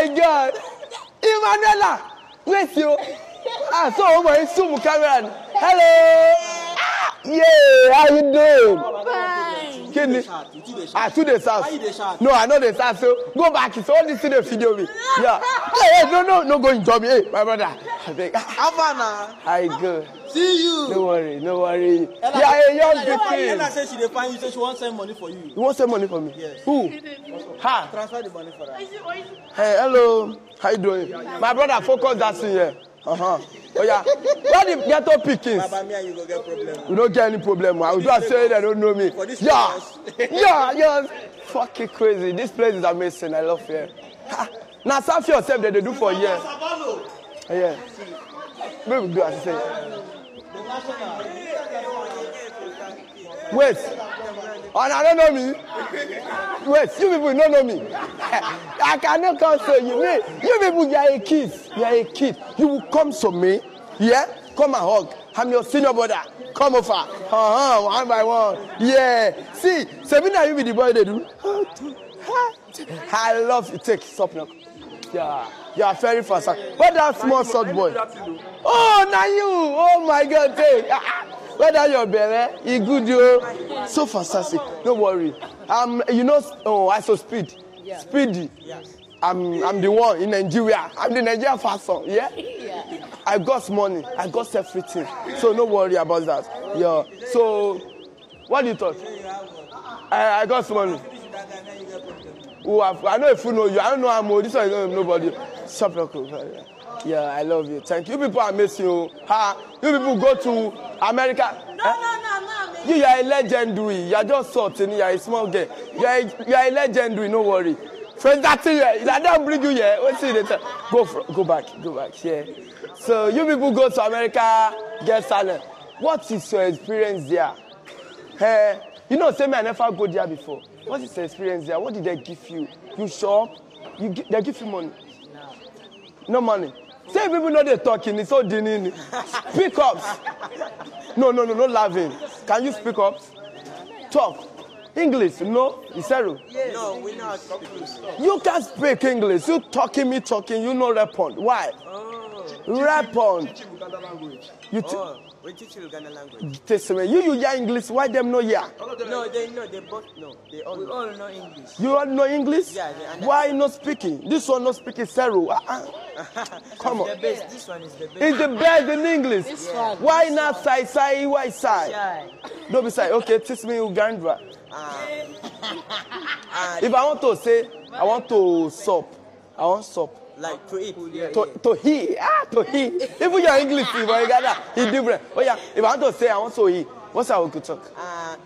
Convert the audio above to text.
my god emmanuela wait o ah so o oh mọ zoom camera hello ah yeah how you doing fine kini ah two days ah, house no i no dey house so go back so only see the video me yeah hey hey no no no go enjoy me hey my brother abeg. how far na. i go. see you. no worry no worry. you are a young pikin. ella say she dey find you say she wan send money for you. you wan send money for me. yes. who. Ha. transfer the money for her. hey hello how you doing. my brother focus that thing here. Uh-huh. Oh yeah. Where the ghetto pickings? Baba, me and you go get problem. You don't get any problem. I was just saying they don't know me. Yeah. yeah, yeah. Fucking crazy. This place is amazing. I love here. Now, serve yourself that they do for years. Yeah. Maybe do as I say. Wait. And oh, I don't know me. Wait, you people don't know me. I cannot counsel you. Me, you people, you are a kid. You are a kid. You will come to me. Yeah? Come and hug. I'm your senior brother. Come over. Uh-huh, one by one. Yeah. See, Sabina, you be the boy they do. I love you. Take, stop now. Yeah you are very fast. Where that small short boy? Oh, now you! Oh my God, hey! Ah, ah. Where that your baby? He good yo. So fast, fantastic. Don't worry. Um, you know, oh, I so speed. Speedy. I'm I'm the one in Nigeria. I'm the Nigerian faster. Yeah. I got money. I got everything. So don't worry about that. yo. So, what do you thought? I, I got money. Oh, I, I know if you know you. I don't know how much. This one is nobody. Sepulchre. Yeah, I love you. Thank you. You people I miss you. Ha! You people go to America. No, eh? no, no, no. You, you are a legendary. You are just sorting. You are a small guy. You are a, you are a legendary. No worry. Friends, that's it. Yeah. I don't bring you here. What's it? Go, for, go back. Go back. Yeah. So you people go to America, get silent. What is your experience there? Hey, eh, you know, same I never go there before. What is your experience there? What did they give you? You shop? You, they give you money no money say people know dey talking. It's all di speak up no no no no laughing can you speak up talk english no isero no we not you can't speak english you talking me talking you no respond why. Oh. Weapon. You t- oh, we teach Uganda language. This way. You use your English. Why them no here? No, they no. They both no. They all, we know. all know English. You all know English? Yeah. They, Why not speaking? This one not speaking Seru. Uh-uh. Come on. The best. This one is the best. It's the best in English. This one. Why this not one. sai sai? Why sai? Don't be sai. Okay, teach me Uganda. Uh, if I want to say, I want to sup. I want sup. Like to eat. To, to he. Ah, to he. Even your English, people, you got that. He different. Oh yeah, if I want to say, I want to eat. What's our good talk? Uh,